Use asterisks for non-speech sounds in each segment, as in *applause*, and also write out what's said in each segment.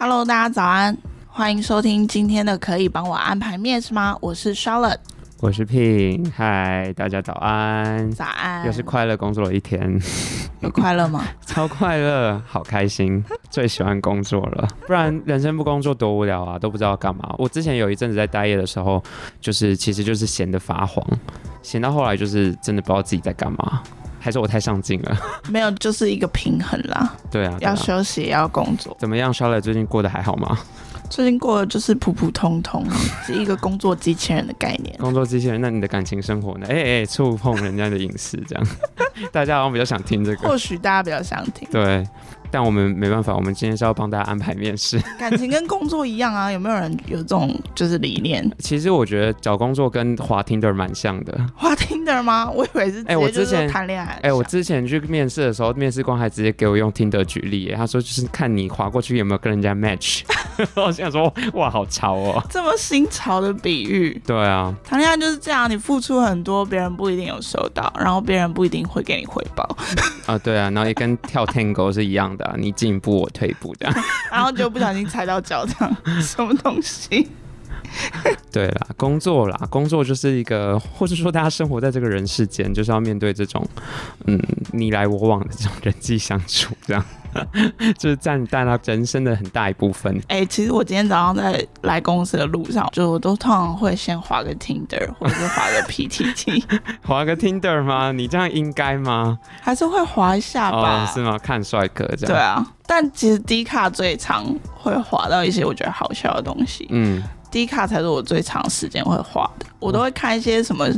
Hello，大家早安，歡迎收聽今天的可以幫我安排面試嗎？我是 Charlotte，我是 Pin，嗨，大家早安，早安，又是快樂工作的一天，有快樂嗎？ *laughs* 超快樂，好開心，最喜歡工作了，不然人生不工作多無聊啊，都不知道幹嘛。我之前有一陣子在待業的時候，就是其實就是閒得發慌，閒到後來就是真的不知道自己在幹嘛。還是我太上進了，沒有，就是一個平衡啦。對啊，對啊，要休息也要工作。怎麼樣？刷了最近過得還好嗎？最近過的就是普普通通， *laughs* 是一個工作機器人的概念。工作機器人，那你的感情生活呢？哎、欸、哎、欸，觸碰人家的隱私，這樣。 *laughs* 大家好像比較想聽這個，或許大家比較想聽。對。但我們沒辦法，我們今天是要幫大家安排面試。感情跟工作一樣啊，有沒有人有這種就是理念？其實我覺得找工作跟滑 Tinder 蠻像的。滑 Tinder 嗎？我以為是哎，欸、我之前談戀愛。哎、欸，我之前去面試的時候，面試官還直接給我用 Tinder 舉例、欸，他說就是看你滑過去有沒有跟人家 match。我 *laughs* 現在說哇，好潮哦、喔！這麼新潮的比喻。對啊，談戀愛就是這樣，你付出很多，別人不一定有收到，然後別人不一定會給你回報啊、呃，對啊，然後也跟跳 tango 是一樣的， *laughs* 你進步我退步這樣， *laughs* 然後就不小心踩到腳，這樣 *laughs* 什麼東西？ *laughs* 對啦，工作啦，工作就是一個，或者說大家生活在這個人世間，就是要面對這種嗯，你來我往的這種人際相處這樣。 *laughs* 就是佔佔他人生的很大一部分。哎、欸，其實我今天早上在來公司的路上，就我都通常會先滑個 Tinder，或者滑個 PTT。 *laughs* 滑個 Tinder 嗎？你這樣應該嗎？還是會滑一下吧。哦、是嗎？看帥哥這樣。對啊，但其實 D 卡最常會滑到一些我覺得好笑的東西。嗯。低卡才是我最長時間會花的，我都會看一些什麼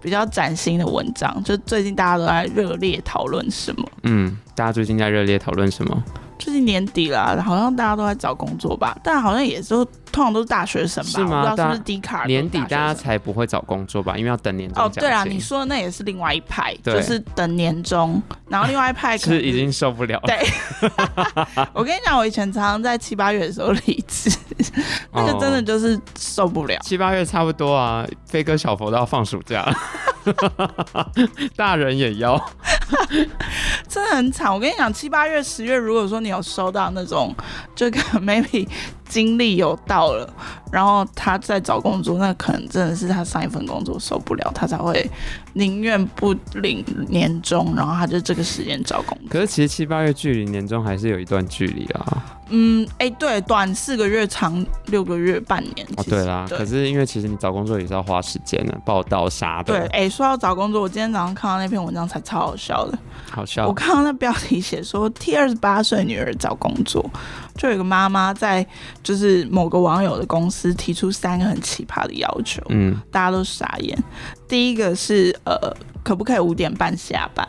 比較嶄新的文章，就最近大家都在熱烈討論什麼？嗯，大家最近在熱烈討論什麼？最近年底了啊，好像大家都在找工作吧，但好像也都通常都是大學生吧，是嗎？不知道是不是低卡年底大家才不會找工作吧，因為要等年終哦，對啊，你說的那也是另外一派，就是等年終，然後另外一派可 *laughs* 是已經受不了了。對， *laughs* *laughs* 我跟你講，我以前常常在七八月的時候離職。 *laughs* 那個真的就是受不了、哦，七八月差不多啊，飛哥小佛都要放暑假， *laughs* *laughs* 大人也要。 *laughs* 真的很慘，我跟你講，七八月、十月，如果說你有收到那種，這個 maybe 精力有到了，然後他在找工作，那可能真的是他上一份工作受不了，他才會寧願不領年終，然後他就這個時間找工作。可是其實七八月距離年終還是有一段距離啊。嗯，哎、欸，對，短四個月，長六個月，半年。哦、啊，對啦對，可是因為其實你找工作也是要花時間的、啊，報到啥的。對，哎、欸，說到找工作，我今天早上看到那篇文章才超好笑。好笑！我剛剛那標題寫說替二十八歲女兒找工作，就有一個媽媽在，就是某個網友的公司提出三個很奇葩的要求，嗯，大家都傻眼。第一個是呃，可不可以五點半下班？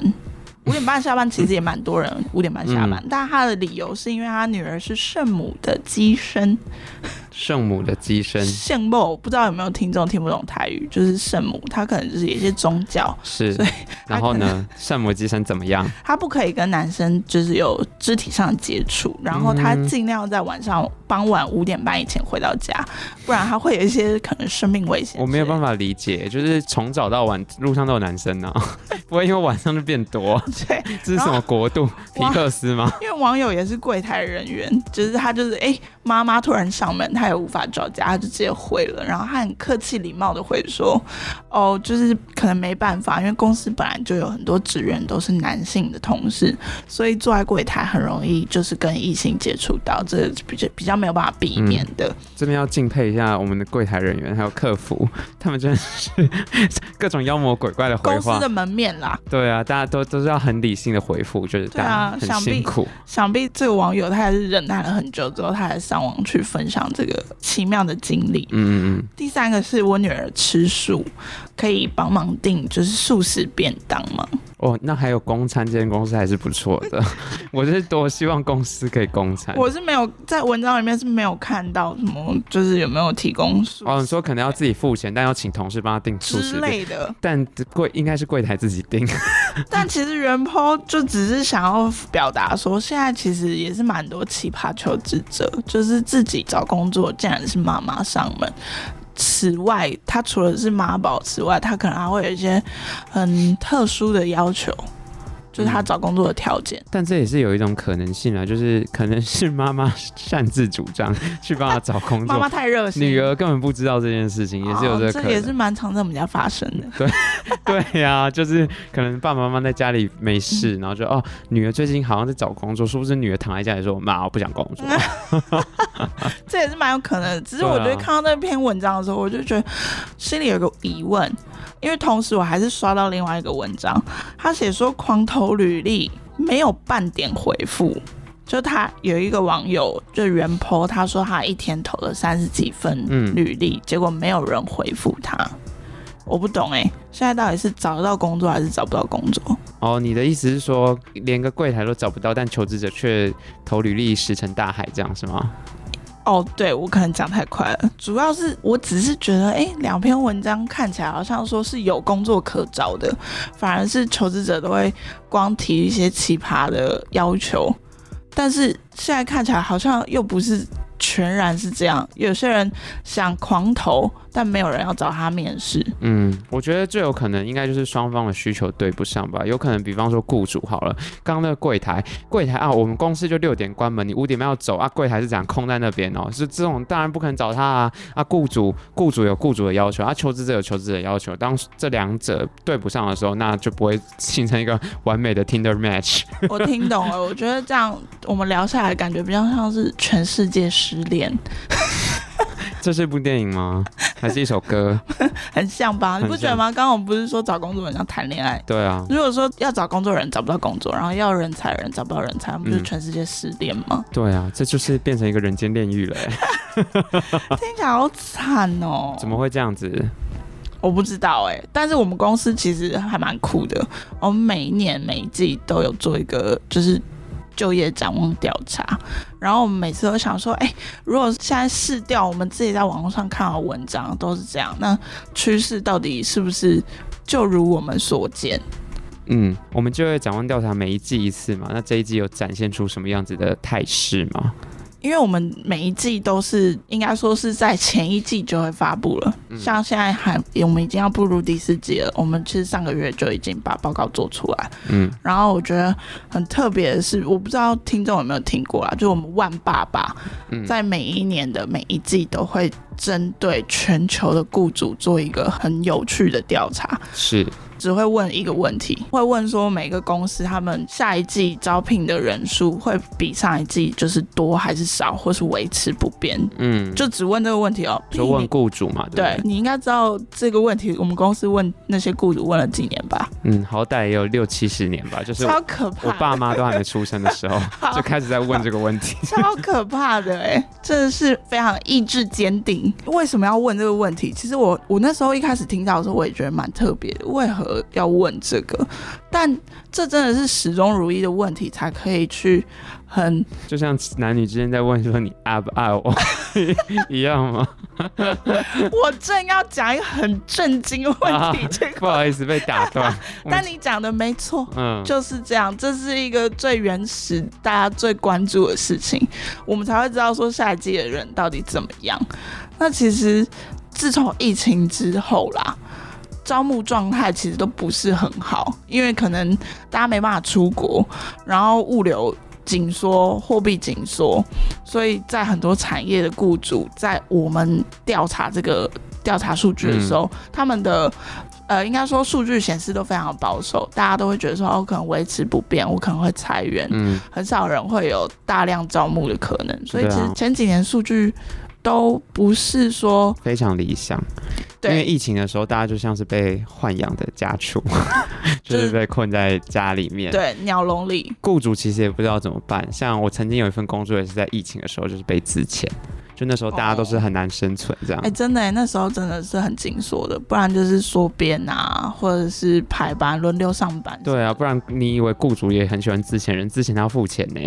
五點半下班其實也蠻多人，五 *laughs* 點半下班，但他的理由是因為他女兒是聖母的乩身。聖母的機身，聖母不知道有沒有聽眾聽不懂台語，就是聖母，她可能就是一些宗教。是。然後呢，聖母機身怎麼樣？她不可以跟男生就是有肢體上的接觸，然後她盡量在晚上傍晚五點半以前回到家，嗯、不然她會有一些可能生命危險。我沒有辦法理解，就是從早到晚路上都有男生呢、啊， *laughs* 不會因為晚上就變多？對。這是什麼國度？皮克斯嗎？因為網友也是櫃台人員，就是他就是哎，媽、欸、媽突然上門，他。還無法找家，他就直接回了。然後他很客氣禮貌的回說：“哦，就是可能沒辦法，因為公司本來就有很多職員都是男性的同事，所以坐在櫃台很容易就是跟異性接觸到，這比較比較沒有辦法避免的。嗯。”這邊要敬佩一下我們的櫃台人員還有客服，他們真的是各種妖魔鬼怪的回話。公司的門面啦。對啊，大家都都是要很理性的回復，就是大家對啊，很辛苦。想必想必這個網友他還是忍耐了很久之後，他才上網去分享這個。奇妙的經歷。嗯嗯嗯。第三個是我女兒吃素，可以幫忙訂就是素食便當嗎？哦，那還有公餐，這間公司還是不錯的。 *laughs* 我是多希望公司可以公餐。我是沒有在文章裡面是沒有看到什麼，就是有沒有提供素？哦，你說可能要自己付錢，欸、但要請同事幫他訂之類的。但櫃應該是櫃台自己訂。 *laughs* *laughs* 但其實原 PO 就只是想要表達說，現在其實也是蠻多奇葩求職者，就是自己找工作。我竟然是媽媽上門。此外，他除了是媽寶之外，他可能還會有一些很特殊的要求。就是他找工作的條件、嗯，但這也是有一種可能性啊，就是可能是媽媽擅自主張去幫他找工作，媽 *laughs* 媽太熱心了，女兒根本不知道這件事情，哦、也是有這個可能、哦，這也是蠻常在我們家發生的。對， *laughs* 對呀、啊，就是可能爸爸媽媽在家裡沒事，嗯、然後就哦，女兒最近好像在找工作，是不是女兒躺在家裡說媽我不想工作？ *laughs* *laughs* 這也是蠻有可能的。只是我覺得看到那篇文章的時候、啊，我就覺得心裡有個疑問，因為同時我還是刷到另外一個文章，他寫說狂頭。投履歷沒有半點回復，就他有一個網友就原 po 他說他一天投了三十幾份履歷、嗯，結果沒有人回復他。我不懂哎、欸，現在到底是找得到工作還是找不到工作？哦，你的意思是說連個櫃檯都找不到，但求職者卻投履歷石沉大海這樣是嗎？哦，對，我可能講太快了，主要是我只是覺得，哎，兩篇文章看起來好像說是有工作可找的，反而是求職者都會光提一些奇葩的要求，但是現在看起來好像又不是全然是這樣，有些人想狂投。但沒有人要找他面試。嗯，我覺得最有可能應該就是雙方的需求對不上吧。有可能，比方說雇主好了，剛剛那個櫃檯，櫃檯啊，我們公司就六點關門，你五點半要走啊，櫃檯是這樣空在那邊哦、喔。是這種，當然不可能找他啊啊！雇主，雇主有雇主的要求，啊求職者有求職者的要求，當這兩者對不上的時候，那就不會形成一個完美的 Tinder match。我聽懂了，我覺得這樣我們聊下來，感覺比較像是全世界失戀。 *laughs* *laughs* 這是一部電影嗎？還是一首歌？ *laughs* 很像吧，像你不覺得嗎？剛剛我們不是說找工作很像談戀愛？對啊。如果說要找工作的人找不到工作，然後要人才的人找不到人才，我們就全世界失戀嗎？對啊，這就是變成一個人間煉獄了、欸。 *laughs* *laughs* 聽起來好慘哦、喔。 *laughs* 怎麼會這樣子？我不知道哎、欸，但是我們公司其實還蠻酷的。我們每一年每一季都有做一個，就是。就業展望調查，然後我們每次都想說，誒、欸，如果現在市調，我們自己在網絡上看到的文章都是這樣，那趨勢到底是不是就如我們所見？嗯，我們就業展望調查每一季一次嘛，那這一季有展現出什麼樣子的態勢嗎？因為我們每一季都是，應該說是在前一季就會發布了。嗯，像現在還，我們已經要步入第四季了，我們其實上個月就已經把報告做出來。嗯，然後我覺得很特別的是，我不知道聽眾有沒有聽過啊，就是我們萬爸爸在每一年的每一季都會針對全球的雇主做一個很有趣的調查。是。只會問一個問題，會問說，每個公司他們下一季招聘的人數會比上一季就是多還是少，或是維持不變？嗯，就只問這個問題哦。就問僱主嘛，對，對，你應該知道這個問題，我們公司問那些雇主問了幾年吧？嗯，好歹也有六七十年吧，就是我爸媽都還沒出生的時候，超可怕的 *laughs* 就開始在問這個問題，超可怕的哎，欸，真的是非常意志堅定。為什麼要問這個問題？其實我我那時候一開始聽到的時候，我也覺得蠻特別的，為何？要問這個，但這真的是始終如一的問題，才可以去很就像男女之間在問說你愛不愛我一樣嗎？我正要講一個很震驚的問題，啊，這個不好意思被打斷，啊。但你講的沒錯，嗯，就是這樣，嗯，這是一個最原始、大家最關注的事情，我們才會知道說下一季的人到底怎麼樣。那其實自從疫情之後啦。招募狀態其實都不是很好，因為可能大家沒辦法出國，然後物流緊縮、貨幣緊縮，所以在很多產業的僱主，在我們調查這個調查數據的時候，嗯、他們的呃，應該說數據顯示都非常保守，大家都會覺得說哦，可能維持不變，我可能會裁員，嗯、很少人會有大量招募的可能，所以其實前幾年數據。都不是說非常理想，因為疫情的時候，大家就像是被豢養的家畜，就是、 *laughs* 就是被困在家裡面，對鳥籠裡。僱主其實也不知道怎麼辦。像我曾經有一份工作，也是在疫情的時候，就是被資遣。就那時候大家都是很難生存這樣。哎、哦，欸、真的、欸、那時候真的是很緊縮的，不然就是縮編啊，或者是排班輪流上班。對啊，不然你以為僱主也很喜歡資遣人？資遣他要付錢呢。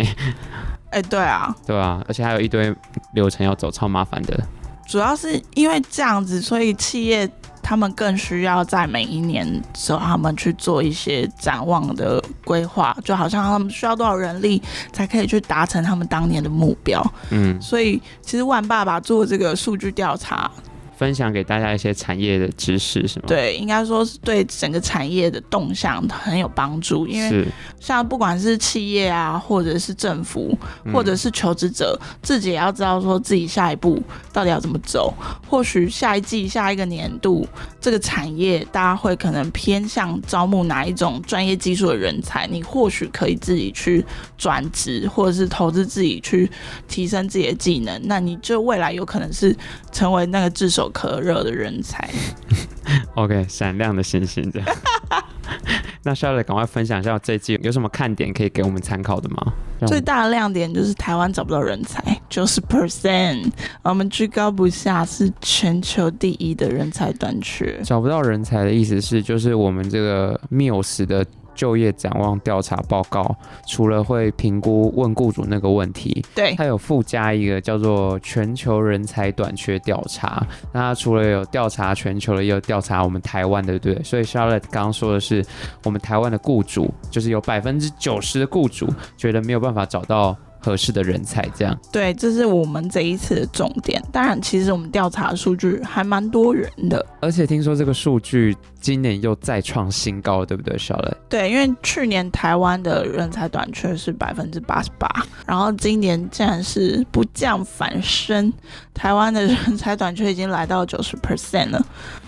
哎、欸，對啊，對啊，而且還有一堆流程要走，超麻煩的。主要是因為這樣子，所以企業他們更需要在每一年時候，他們去做一些展望的規劃，就好像他們需要多少人力才可以去達成他們當年的目標。嗯，所以其實萬爸爸做這個數據調查。分享給大家一些產業的知識，是嗎？對，應該說是對整個產業的動向很有幫助。因為像不管是企業啊，或者是政府，或者是求職者、嗯、自己，也要知道說自己下一步到底要怎麼走。或許下一季、下一個年度，這個產業大家會可能偏向招募哪一種專業技術的人才，你或許可以自己去轉職，或者是投資自己去提升自己的技能。那你就未來有可能是成為那個炙手可熱的人才。可熱的人才 *laughs* ，OK，閃亮的星星這樣。 *laughs* *laughs* 那 c h 趕快分享一下這季有什麼看點可以給我們參考的嗎？最大的亮點就是台灣找不到人才，九十 percent，我們居高不下，是全球第一的人才短缺。找不到人才的意思是，就是我們這個 MEOS 的，就業展望調查報告，除了會評估問雇主那個問題，對，它有附加一個叫做全球人才短缺調查。那它除了有調查全球的，也有調查我們台灣的，對不對？所以 Charlotte 剛剛說的是，我們台灣的雇主，就是有百分之九十的雇主覺得沒有辦法找到。合適的人才。這樣對，這是我們這一次的重點。當然，其實我們調查數據還蠻多元的，而且聽說這個數據今年又再創新高，對不對，小雷？對，因為去年台灣的人才短缺是百分之八十八，然後今年竟然是不降反升，台灣的人才短缺已經來到九十 percent 了，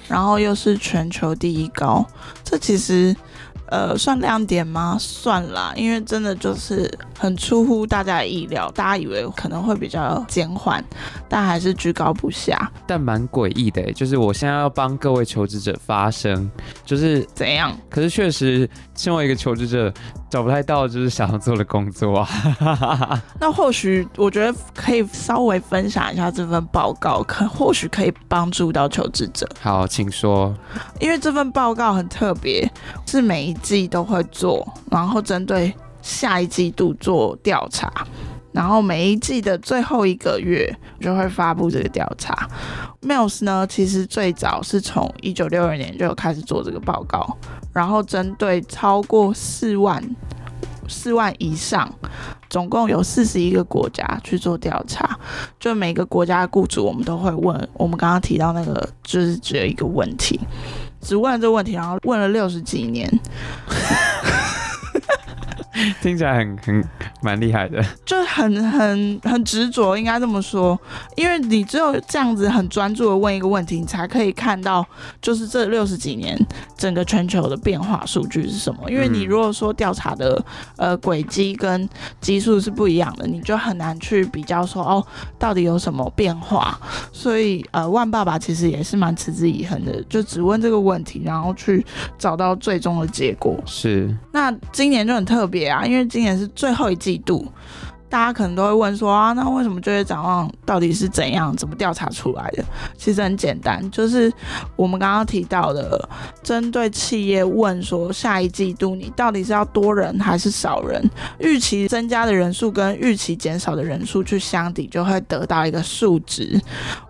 然後又是全球第一高，這其實。呃，算亮點嗎？算啦，因為真的就是很出乎大家的意料，大家以為可能會比較減緩，但還是居高不下。但蠻詭異的欸，就是我現在要幫各位求職者發聲，就是怎樣？可是確實，身為一個求職者。找不太到就是想要做的工作，啊。！ *laughs* 那或許我覺得可以稍微分享一下這份報告，可或許可以幫助到求職者。好，請說。因為這份報告很特別，是每一季都會做，然後針對下一季度做調查。然後每一季的最後一個月就會發布這個調查。MEOS 呢，其實最早是從一九六二年就開始做這個報告，然後針對超過四萬、四萬以上，總共有四十一個國家去做調查。就每個國家的雇主，我們都會問我們剛剛提到那個，就是只有一個問題，只問了這個問題，然後問了六十幾年。 *laughs* 聽起來很很蠻厲害的，就很很很執着，應該這麼說，因為你只有這樣子很專注的問一個問題，你才可以看到，就是這六十幾年整個全球的變化數據是什麼。因為你如果說調查的呃軌跡跟基數是不一樣的，你就很難去比較說哦到底有什麼變化。所以呃萬爸爸其實也是蠻持之以恆的，就只問這個問題，然後去找到最終的結果。是。那今年就很特別。因為今年是最後一季度，大家可能都會問說啊，那為什麼就業展望到底是怎樣？怎麼調查出來的？其實很簡單，就是我們剛剛提到的，針對企業問說下一季度你到底是要多人還是少人，預期增加的人數跟預期減少的人數去相抵，就會得到一個數值，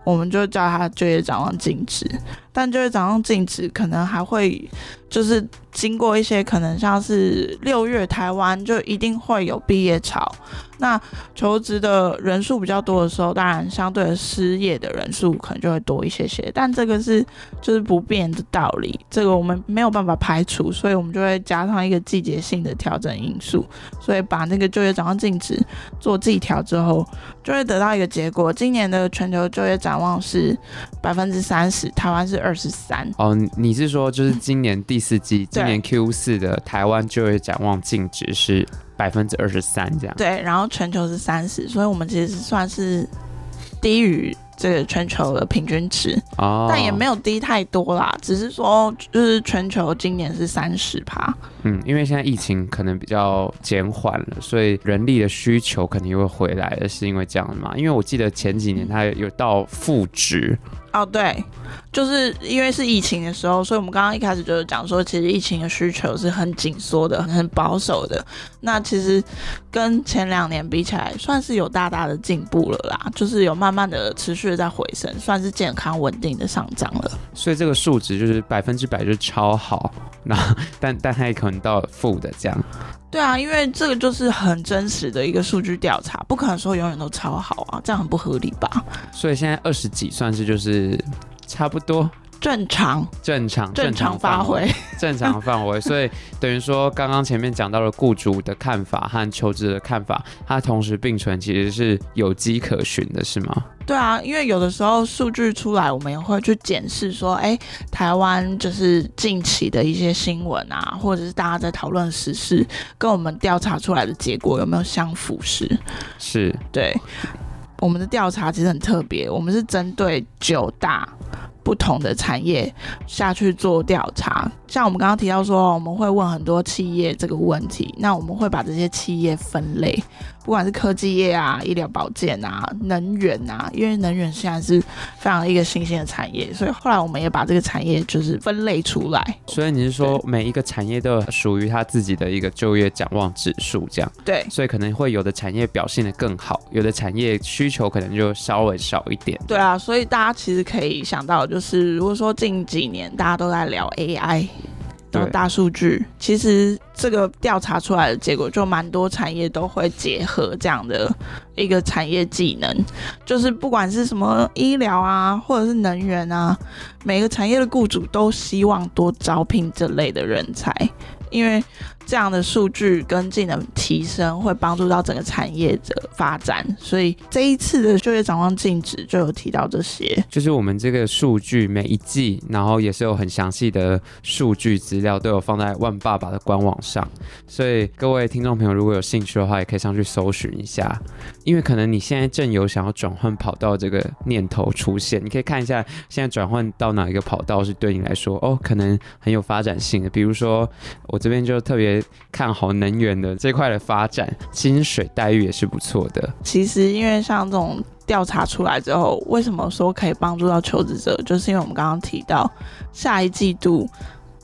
我們就叫它就業展望淨值。但就業展望淨值可能還會，就是經過一些可能像是六月台灣就一定會有畢業潮，那求職的人數比較多的時候，當然相對的失業的人數可能就會多一些些。但這個是就是不變的道理，這個我們沒有辦法排除，所以我們就會加上一個季節性的調整因素，所以把那個就業展望淨值做季調之後，就會得到一個結果。今年的全球就業展望是百分之三十，台灣是。二十三哦，你是說就是今年第四季，嗯、今年 Q 四的台灣就業展望淨值是百分之二十三這樣？對，然後全球是三十，所以我們其實算是低於這個全球的平均值哦，但也沒有低太多啦，只是說就是全球今年是三十趴。嗯，因為現在疫情可能比較減緩了，所以人力的需求肯定會回來，是因為這樣的嗎？因為我記得前幾年它有到負值。嗯哦、oh, 對，就是因為是疫情的時候，所以我們剛剛一開始就是講說，其實疫情的需求是很緊縮的、很保守的。那其實跟前兩年比起來，算是有大大的進步了啦，就是有慢慢的持續的在回升，算是健康穩定的上漲了。所以這個數值就是百分之百，就是超好。那但但還可能到負的這樣。對啊，因為這個就是很真實的一個數據調查，不可能說永遠都超好啊，這樣很不合理吧？所以現在二十幾算是就是差不多。正常，正常，正常發揮，正常範圍。 *laughs* 所以等於說，剛剛前面講到了雇主的看法和求職的看法，它同時並存，其實是有跡可循的，是嗎？對啊，因為有的時候數據出來，我們也會去檢視說，欸、台灣就是近期的一些新聞啊，或者是大家在討論時事，跟我們調查出來的結果有沒有相符？是，是對。我們的調查其實很特別，我們是針對九大。不同的產業下去做調查，像我們剛剛提到說，我們會問很多企業這個問題，那我們會把這些企業分類。不管是科技業啊、醫療保健啊、能源啊，因為能源現在是非常一個新興的產業，所以後來我們也把這個產業就是分類出來。所以你是說每一個產業都有屬於它自己的一個就業展望指數，這樣？對。所以可能會有的產業表現得更好，有的產業需求可能就稍微少一點。對啊，所以大家其實可以想到，就是如果說近幾年大家都在聊 AI。都大數據，其實這個調查出來的結果就蠻多產業都會結合這樣的一個產業技能，就是不管是什麼醫療啊，或者是能源啊，每個產業的雇主都希望多招聘這類的人才，因為。這樣的數據跟技能提升，會幫助到整個產業的發展。所以這一次的就業展望淨值就有提到這些，就是我們這個數據每一季，然後也是有很詳細的數據資料，都有放在萬寶華的官網上。所以各位聽眾朋友，如果有興趣的話，也可以上去搜尋一下。因為可能你現在正有想要轉換跑道這個念頭出現，你可以看一下現在轉換到哪一個跑道是對你來說哦，可能很有發展性的。比如說我這邊就特別。看好能源的這塊的發展，薪水待遇也是不錯的。其實，因為像這種調查出來之後，為什麼說可以幫助到求職者，就是因為我們剛剛提到下一季度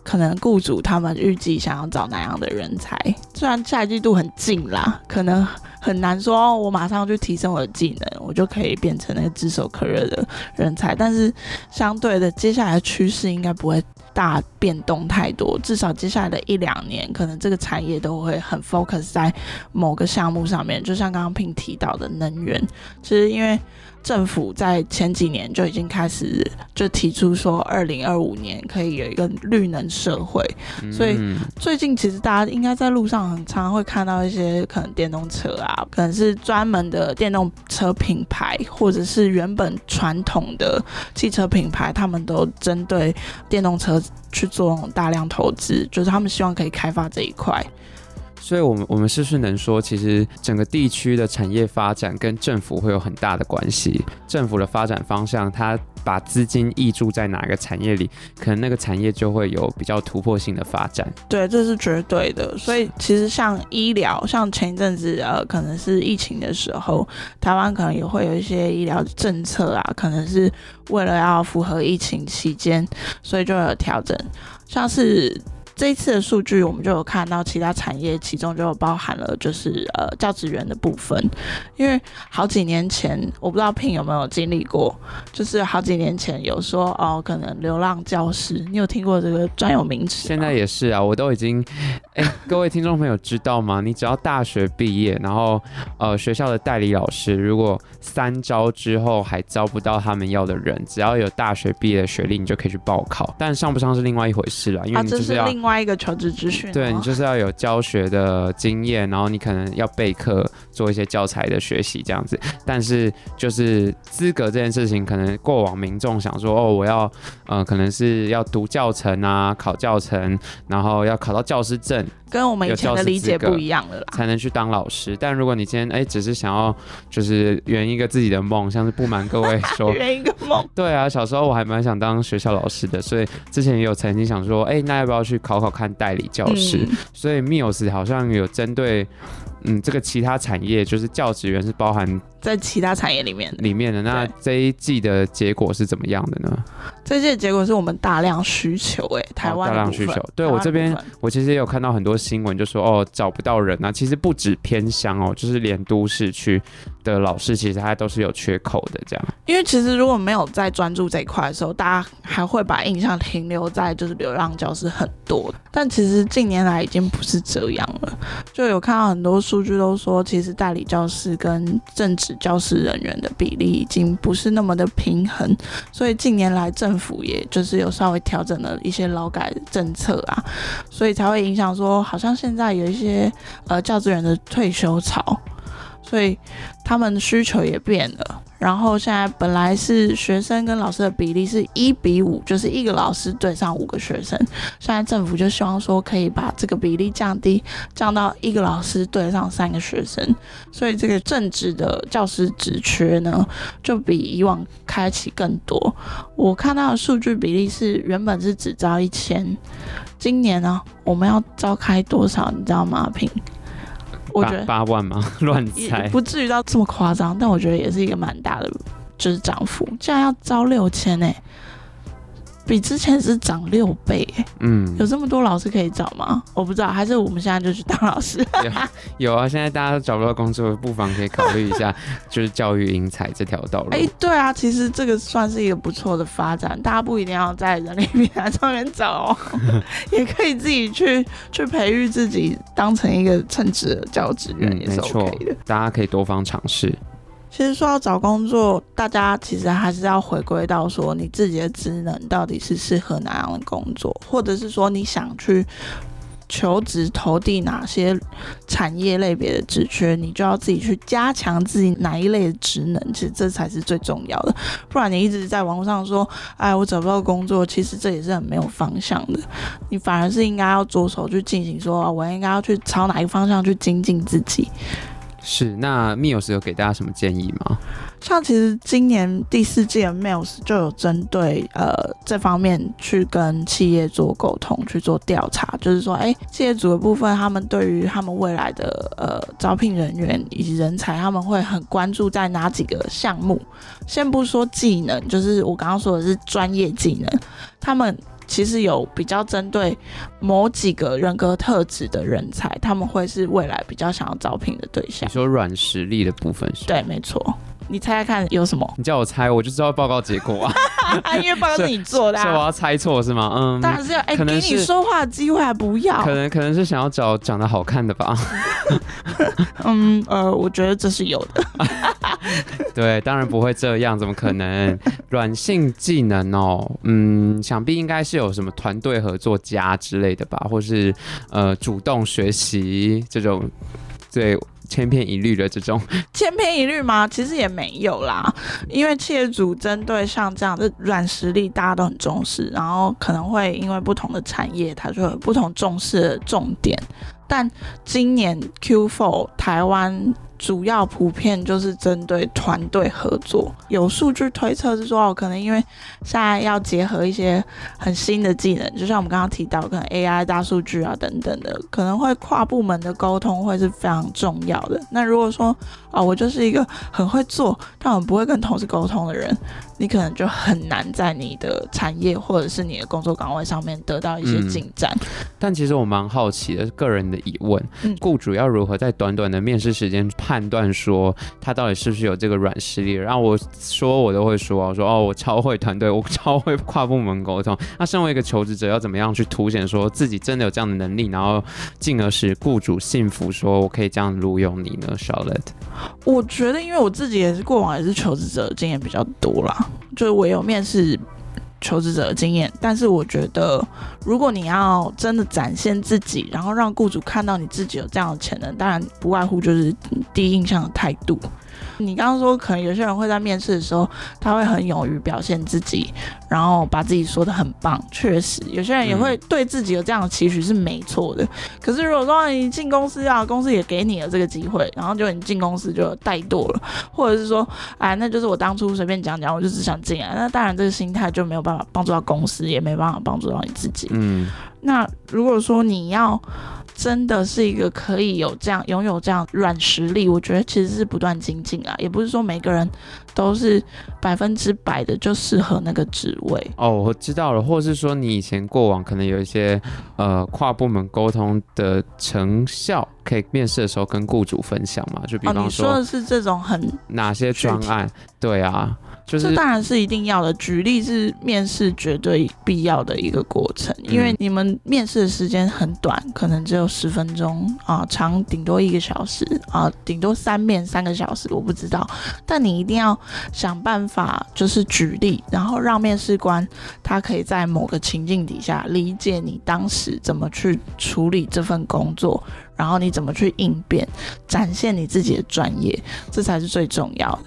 可能僱主他們預計想要找哪樣的人才。雖然下一季度很近啦，可能很難說哦，我馬上去提升我的技能，我就可以變成那個炙手可熱的人才。但是，相對的，接下來的趨勢應該不會。大變動太多，至少接下來的一兩年，可能這個產業都會很 focus 在某個項目上面，就像剛剛 Pin 提到的能源，其實因為。政府在前幾年就已經開始就提出說，二零二五年可以有一個綠能社會。所以最近其實大家應該在路上很常會看到一些可能電動車啊，可能是專門的電動車品牌，或者是原本傳統的汽車品牌，他們都針對電動車去做那種大量投資，就是他們希望可以開發這一塊。所以我，我們我們是不是能說，其實整個地區的產業發展跟政府會有很大的關係？政府的發展方向，它把資金挹注在哪個產業裡，可能那個產業就會有比較突破性的發展。對，這是絕對的。所以，其實像醫療，像前一陣子，呃，可能是疫情的時候，台灣可能也會有一些醫療政策啊，可能是為了要符合疫情期間，所以就有調整，像是。這一次的數據，我們就有看到其他產業，其中就包含了就是呃教職員的部分，因為好幾年前，我不知道 Ping 有沒有經歷過，就是好幾年前有說哦，可能流浪教師，你有聽過這個專有名詞？現在也是啊，我都已經、欸、各位聽眾朋友知道嗎？你只要大學畢業，然後呃學校的代理老師如果三招之後還招不到他們要的人，只要有大學畢業的學歷，你就可以去報考，但上不上是另外一回事了、啊，因為你就是要、啊。另外一個求職諮詢，對，你就是要有教學的經驗，然後你可能要備課，做一些教材的學習這樣子。但是就是資格這件事情，可能過往民眾想說，哦，我要，呃，可能是要讀教程啊，考教程，然後要考到教師證。跟我們以前的理解不一樣了啦，才能去當老師。但如果你今天誒、欸、只是想要就是圓一個自己的夢，像是不瞞各位說，圓 *laughs* 一個夢。對啊，小時候我還蠻想當學校老師的，所以之前也有曾經想說，誒、欸，那要不要去考考看代理教師，嗯？所以 MEOS 好像有針對。嗯，這個其他產業就是教職員是包含在其他產業裡面的，裡面的。那這一季的結果是怎麼樣的呢？這一季的結果是我們大量需求，欸，誒，台灣，哦，大量需求。對，對我這邊，我其實也有看到很多新聞，就說哦，找不到人啊。其實不止偏鄉哦，就是連都市區的老師其實他都是有缺口的，這樣。因為其實如果沒有在專注這一塊的時候，大家還會把印象停留在就是流浪教師很多，但其實近年來已經不是這樣了。就有看到很多數據都說，其實代理教師跟正職教師人員的比例已經不是那麼的平衡，所以近年來政府也就是有稍微調整了一些勞改政策啊，所以才會影響說，好像現在有一些呃教職員的退休潮。所以他們的需求也變了，然後現在本來是學生跟老師的比例是一比五，就是一個老師對上五個學生。現在政府就希望說可以把這個比例降低，降到一個老師對上三個學生。所以這個正職的教師職缺呢，就比以往開啟更多。我看到的數據比例是原本是只招一千，今年呢我們要招開多少？你知道嗎，平？我覺得八八萬嗎？亂猜，不至於到這麼誇張，但我覺得也是一個蠻大的，就是漲幅，竟然要招六千呢、欸。比之前是漲六倍，嗯，有這麼多老師可以找嗎？我不知道，還是我們現在就去當老師？ *laughs* 有，有啊，現在大家都找不到工作，不妨可以考慮一下， *laughs* 就是教育英才這條道路。哎，欸，對啊，其實這個算是一個不錯的發展，大家不一定要在人力平台上面找， *laughs* 也可以自己去去培育自己，當成一個稱職的教職員，嗯、也是 OK 的。大家可以多方嘗試。其實說要找工作，大家其實還是要回歸到說你自己的職能到底是適合哪樣的工作，或者是說你想去求職投遞哪些產業類別的職缺，你就要自己去加強自己哪一類的職能，其實這才是最重要的。不然你一直在網路上說，哎，我找不到工作，其實這也是很沒有方向的。你反而是應該要着手去進行說，說我應該要去朝哪一個方向去精進自己。是，那 MEOS 有給大家什麼建議嗎？像其實今年第四季的 MEOS 就有針對呃這方面去跟企業做溝通，去做調查，就是說，哎、欸，企業主的部分，他們對於他們未來的呃招聘人員以及人才，他們會很關注在哪幾個項目？先不說技能，就是我剛剛說的是專業技能，他們。其實有比較針對某幾個人格特質的人才，他們會是未來比較想要招聘的對象。你說軟實力的部分是？對，沒錯。你猜猜看有什麼？你叫我猜，我就知道報告結果啊。 *laughs* 因為報告是你做的、啊 *laughs* 所，所以我要猜錯是嗎？嗯。當然是要哎、欸，給你說話機會還不要？可能可能是想要找長得好看的吧。 *laughs* *laughs* 嗯呃，我覺得這是有的。 *laughs* *laughs* 對，當然不會這樣，怎麼可能？軟 *laughs* 性技能哦，嗯，想必應該是有什麼團隊合作、家之類的吧，或是呃，主動學習這種，對。千篇一律的這種，千篇一律嗎？其實也沒有啦，因為企業主針對像這樣的軟實力，大家都很重視，然後可能會因為不同的產業，它就會有不同重視的重點。但今年 Q4 台灣。主要普遍就是針對團隊合作，有數據推測是說哦，可能因為現在要結合一些很新的技能，就像我們剛剛提到，可能 AI、大數據啊等等的，可能會跨部門的溝通會是非常重要的。那如果說啊、哦，我就是一個很會做，但我不會跟同事溝通的人。你可能就很難在你的產業或者是你的工作崗位上面得到一些進展，嗯。但其實我蠻好奇的是，個人的疑問，嗯，雇主要如何在短短的面試時間判斷說他到底是不是有這個軟實力？然後我說我都會說，我說哦，我超會團隊，我超會跨部門溝通。那身為一個求職者，要怎麼樣去凸顯說自己真的有這樣的能力，然後進而使雇主信服，說我可以這樣錄用你呢？Charlotte，我覺得因為我自己也是過往也是求職者經驗比較多啦。就是我有面試求職者的經驗，但是我覺得，如果你要真的展現自己，然後讓雇主看到你自己有這樣的潛能，當然不外乎就是第一印象的態度。你剛剛說，可能有些人會在面試的時候，他會很勇於表現自己，然後把自己說得很棒。確實，有些人也會對自己有這樣的期許是沒錯的。嗯，可是，如果說你進公司啊，公司也給你了這個機會，然後就你進公司就怠惰了，或者是說，哎，那就是我當初隨便講講，我就只想進來。那當然，這個心態就沒有辦法幫助到公司，也沒辦法幫助到你自己。嗯，那如果說你要。真的是一個可以有這樣擁有這樣軟實力，我覺得其實是不斷精進啊，也不是說每個人都是百分之百的就適合那個職位哦。我知道了，或是說你以前過往可能有一些呃跨部門溝通的成效，可以面試的時候跟雇主分享嘛？就比如說，哦，你說的是這種很哪些專案？對啊。就是、這當然是一定要的。舉例是面試絕對必要的一個過程，因為你們面試的時間很短，可能只有十分鐘啊、呃，長頂多一個小時啊、呃，頂多三面三個小時，我不知道。但你一定要想辦法，就是舉例，然後讓面試官他可以在某個情境底下理解你當時怎麼去處理這份工作，然後你怎麼去應變，展現你自己的專業，這才是最重要的。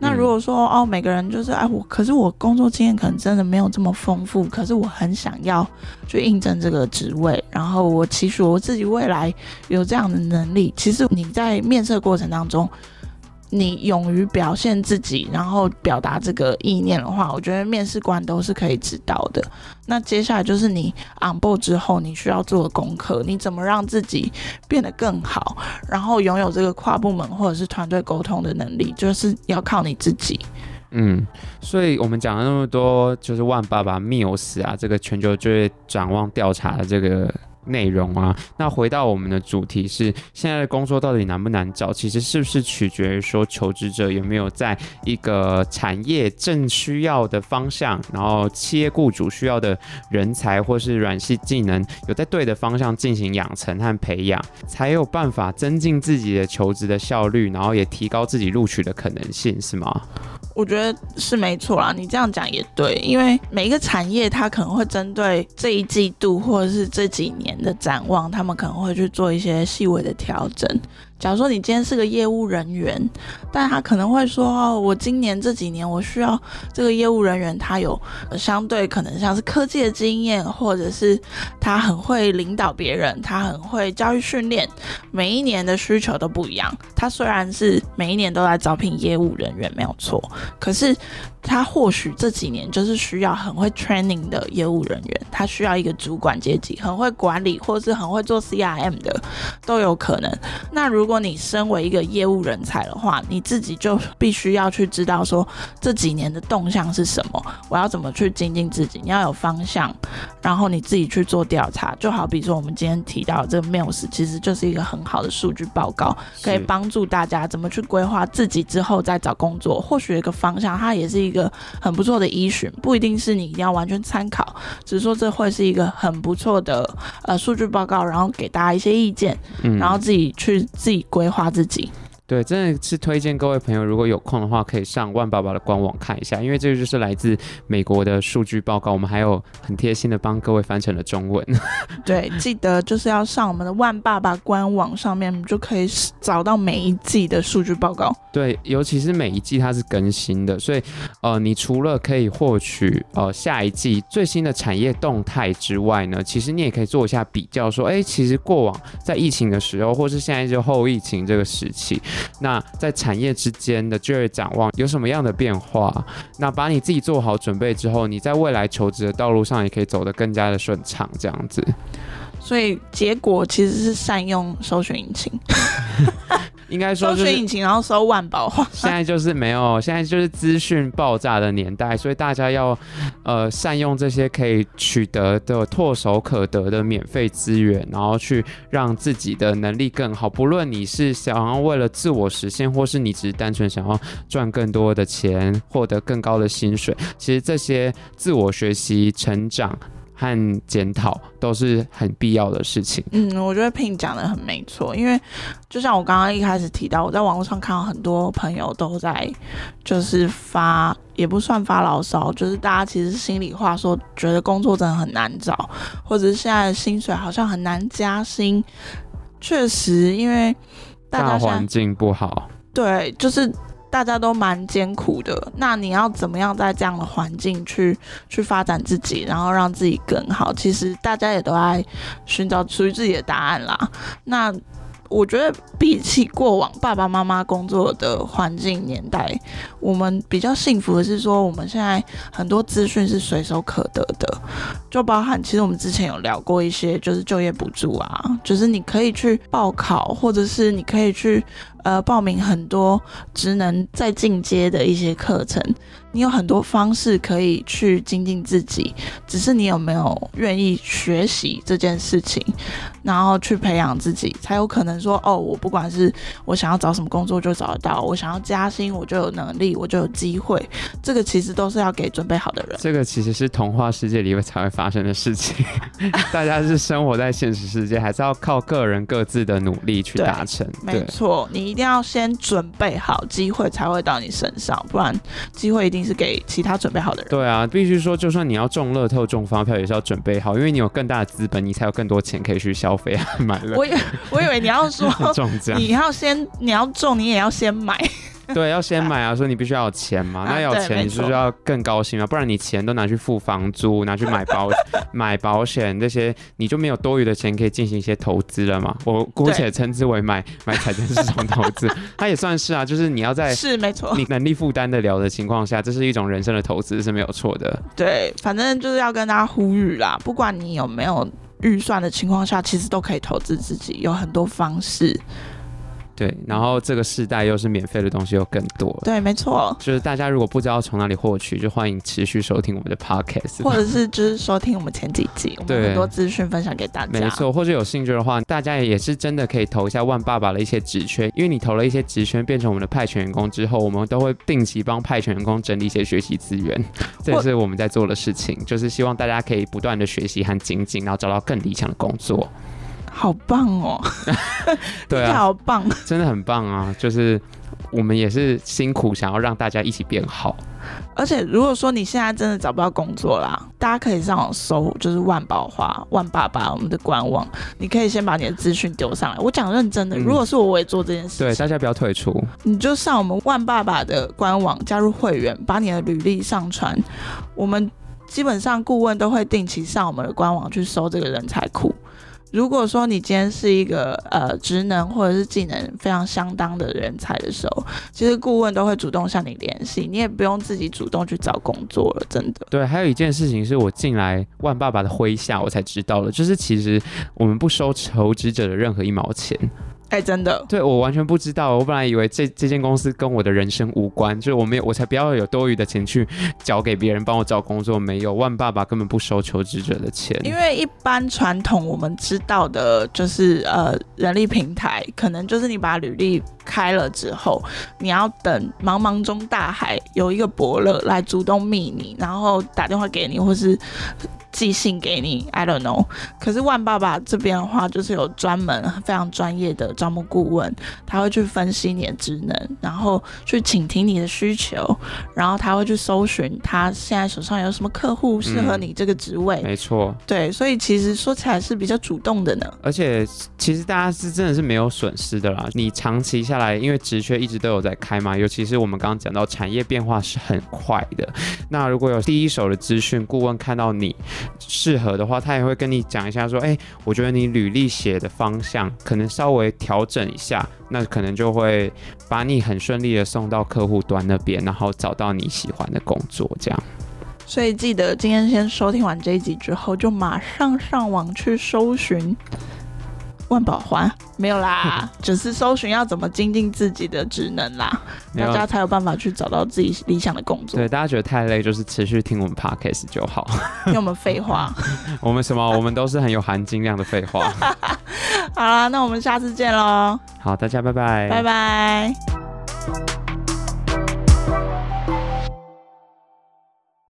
那如果說哦，每個人就是哎，我可是我工作經驗可能真的沒有這麼豐富，可是我很想要去應徵這個職位，然後我其實我自己未來有這樣的能力，其實你在面試過程當中。你勇於表現自己，然後表達這個意念的話，我覺得面試官都是可以知道的。那接下來就是你 onboard 之後，你需要做的功課，你怎麼讓自己變得更好，然後擁有這個跨部門或者是團隊溝通的能力，就是要靠你自己。嗯，所以我們講了那麼多，就是萬爸爸 MEOS 啊，這個全球就業展望調查的這個。內容啊，那回到我們的主題是，現在的工作到底難不難找？其實是不是取決於說，求職者有沒有在一個產業正需要的方向，然後企業雇主需要的人才或是軟性技能，有在對的方向進行養成和培養，才有辦法增進自己的求職的效率，然後也提高自己錄取的可能性，是嗎？我覺得是沒錯啦，你這樣講也對，因為每一個產業它可能會針對這一季度或者是這幾年的展望，他們可能會去做一些細微的調整。假如說你今天是個業務人員，但他可能會說：“哦，我今年這幾年我需要這個業務人員，他有相對可能像是科技的經驗，或者是他很會領導別人，他很會教育訓練。每一年的需求都不一樣。他雖然是每一年都來招聘業務人員沒有錯，可是他或許這幾年就是需要很會 training 的業務人員，他需要一個主管階級，很會管理，或是很會做 CRM 的都有可能。那如果如果你身為一個業務人才的話，你自己就必須要去知道說，這幾年的動向是什麼，我要怎麼去精進自己，你要有方向，然後你自己去做調查。就好比說我們今天提到的這個 MEOS，其實就是一個很好的數據報告，可以幫助大家怎麼去規劃自己之後再找工作，或許有一個方向，它也是一個很不錯的依循，不一定是你一定要完全參考，只是說這會是一個很不錯的呃數據報告，然後給大家一些意見，然後自己去自己。你規劃自己。對，真的是推薦各位朋友，如果有空的話，可以上萬爸爸的官網看一下，因為這個就是來自美國的數據報告。我們還有很貼心的幫各位翻成了中文。對，記得就是要上我們的萬爸爸官網上面，就可以找到每一季的數據報告。對，尤其是每一季它是更新的，所以呃，你除了可以獲取呃下一季最新的產業動態之外呢，其實你也可以做一下比較，說欸，其實過往在疫情的時候，或是現在就後疫情這個時期。那在產業之間的就業展望有什麼樣的變化？那把你自己做好準備之後，你在未來求職的道路上也可以走得更加的順暢，這樣子。所以結果其實是善用搜尋引擎。 *laughs* *laughs* 應該說，搜索引擎，然後搜萬寶，現在就是沒有，現在就是資訊爆炸的年代，所以大家要呃善用這些可以取得的唾手可得的免費資源，然後去讓自己的能力更好。不論你是想要為了自我實現，或是你只是單純想要賺更多的錢，獲得更高的薪水，其實這些自我學習成長，和檢討都是很必要的事情。嗯，我覺得 Pin 講得很沒錯，因為就像我剛剛一開始提到，我在網絡上看到很多朋友都在就是發，也不算發牢騷，就是大家其實心裡話說，覺得工作真的很難找，或者是現在薪水好像很難加薪。確實，因為大環境不好。對，就是。大家都蠻艱苦的，那你要怎麼樣在這樣的環境去去發展自己，然後讓自己更好？其實大家也都在尋找屬於自己的答案啦。那我覺得比起過往爸爸媽媽工作的環境年代，我們比較幸福的是說，我們現在很多資訊是隨手可得的，就包含其實我們之前有聊過一些，就是就業補助啊，就是你可以去報考，或者是你可以去。呃，報名很多職能再進階的一些課程，你有很多方式可以去精進自己，只是你有沒有願意學習這件事情，然後去培養自己，才有可能說哦，我不管是我想要找什麼工作就找得到，我想要加薪我就有能力，我就有機會。這個其實都是要給準備好的人。這個其實是童話世界裡面才會發生的事情， *laughs* 大家是生活在現實世界，還是要靠個人各自的努力去達成。對，對。沒錯，你一定要先準備好機會才會到你身上，不然機會一定是給其他準備好的人。對啊，必須說，就算你要中樂透中發票，也是要準備好，因為你有更大的資本，你才有更多錢可以去消費啊，買了。我以 *laughs* 我以為你要說，你要先，你要中，你也要先買。對，要先買啊！說你必須要有錢嘛，啊、那要有錢你是不是要更高興嘛，不然你錢都拿去付房租、拿去買保 *laughs* 買保險這些，你就沒有多餘的錢可以進行一些投資了嘛。我姑且稱之為買買彩電市場投資，它 *laughs* 也算是啊，就是你要在是沒錯，你能力負擔得了的情況下，這是一種人生的投資是沒有錯的。對，反正就是要跟大家呼籲啦，不管你有沒有預算的情況下，其實都可以投資自己，有很多方式。對，然後這個時代又是免費的東西又更多。對，沒錯，就是大家如果不知道從哪裡獲取，就歡迎持續收聽我們的 podcast，或者是就是收聽我們前幾集，我們很多資訊分享給大家。沒錯，或者有興趣的話，大家也是真的可以投一下萬爸爸的一些職缺，因為你投了一些職缺，變成我們的派遣員工之後，我們都會定期幫派遣員工整理一些學習資源，這是我們在做的事情，就是希望大家可以不斷的學習和精進，然後找到更理想的工作。嗯。好棒哦！ *laughs* 對、啊、好棒，真的很棒啊！就是我們也是辛苦，想要讓大家一起變好。而且，如果說你現在真的找不到工作啦、啊，大家可以上網搜，就是萬寶華、萬爸爸我們的官網。你可以先把你的資訊丟上來。我講認真的，如果是我，我也做這件事情、嗯。對，大家不要退出。你就上我們萬爸爸的官網，加入會員，把你的履歷上傳。我們基本上顧問都會定期上我們的官網去搜這個人才庫。如果說你今天是一個呃職能或者是技能非常相當的人才的時候，其實顧問都會主動向你聯繫，你也不用自己主動去找工作了，真的。對，還有一件事情是我進來萬爸爸的麾下，我才知道了，就是其實我們不收求職者的任何一毛錢。哎、欸，真的，對我完全不知道。我本來以為這這間公司跟我的人生無關，就是我沒有，我才不要有多餘的錢去交給別人幫我找工作。沒有，萬爸爸根本不收求職者的錢。因為一般傳統我們知道的，就是呃，人力平台可能就是你把履歷開了之後，你要等茫茫中大海有一個伯樂來主動覓你，然後打電話給你，或是。寄信給你，I don't know。可是萬寶華這邊的話，就是有專門非常專業的招募顧問，他會去分析你的職能，然後去傾聽你的需求，然後他會去搜尋他現在手上有什麼客戶適合你這個職位。嗯，沒錯，對，所以其實說起來是比較主動的呢。而且其實大家是真的是沒有損失的啦。你長期下來，因為職缺一直都有在開嘛，尤其是我們剛剛講到產業變化是很快的。那如果有第一手的資訊，顧問看到你。適合的話，他也會跟你講一下，說，哎、欸，我覺得你履歷寫的方向可能稍微調整一下，那可能就會把你很順利的送到客戶端那邊，然後找到你喜歡的工作，這樣。所以記得今天先收聽完這一集之後，就馬上上網去搜尋。萬寶還沒有啦， *laughs* 只是搜尋要怎麼精進自己的職能啦，大家才有辦法去找到自己理想的工作。對，大家覺得太累，就是持續聽我們 Podcast 就好。聽我們廢話？ *laughs* 我們什麼？我們都是很有含金量的廢話。 *laughs* *laughs* 好啦，那我們下次見嘍。好，大家拜拜。拜拜。